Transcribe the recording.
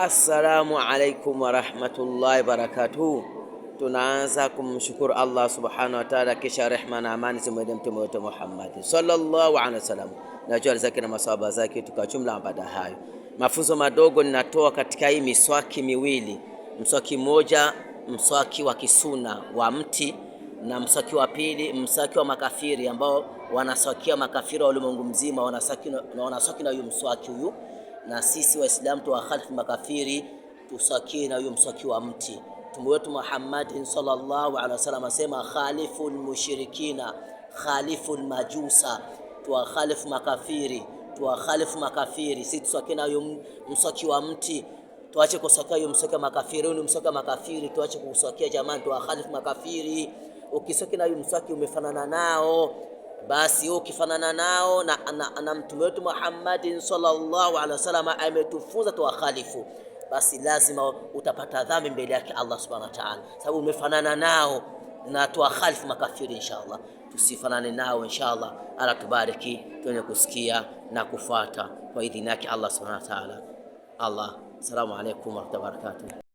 Assalamu alaikum warahmatullahi wabarakatuhu. Tunaanza kumshukuru Allah subhanahu wa ta'ala, kisha rehma na amani zimwende mtume wetu Muhammad sallallahu alaihi wasallam na jua zake na masaba zake, tukachumla. baada hayo. Mafunzo madogo ninatoa katika hii miswaki miwili, mswaki mmoja, mswaki wa kisuna wa mti na mswaki wa pili, mswaki wa makafiri ambao wanaswakia makafiri wa ulimwengu mzima, wanaswaki na huyu mswaki huyu na sisi Waislamu tuwakhalifu makafiri, tusakie na huyo mswaki wa mti. Mtume wetu Muhammad sallallahu alaihi wasallam asema khalifu lmushrikina khalifu lmajusa, tuwakhalifu makafiri, tuwakhalifu makafiri. Sisi tusakie na huyo mswaki wa mti, tuache kusakia huyo mswaki wa makafiri. Huyo mswaki wa makafiri tuache kusakia jamani, tuwakhalifu makafiri. Ukisakia na huyo mswaki umefanana nao basi wewe ukifanana nao na, na, na mtume wetu Muhammadin sallallahu alaihi wasallam ametufunza tuwakhalifu, basi lazima utapata dhambi mbele yake Allah subhanahu wa ta'ala, sababu umefanana nao na tuwakhalifu makafiri. Inshallah tusifanane nao, inshallah Allah tubariki, tuone kusikia na kufuata kwa idhini yake Allah subhanahu wa ta'ala. Allah, assalamu alaykum wa rahmatullahi wa barakatuh.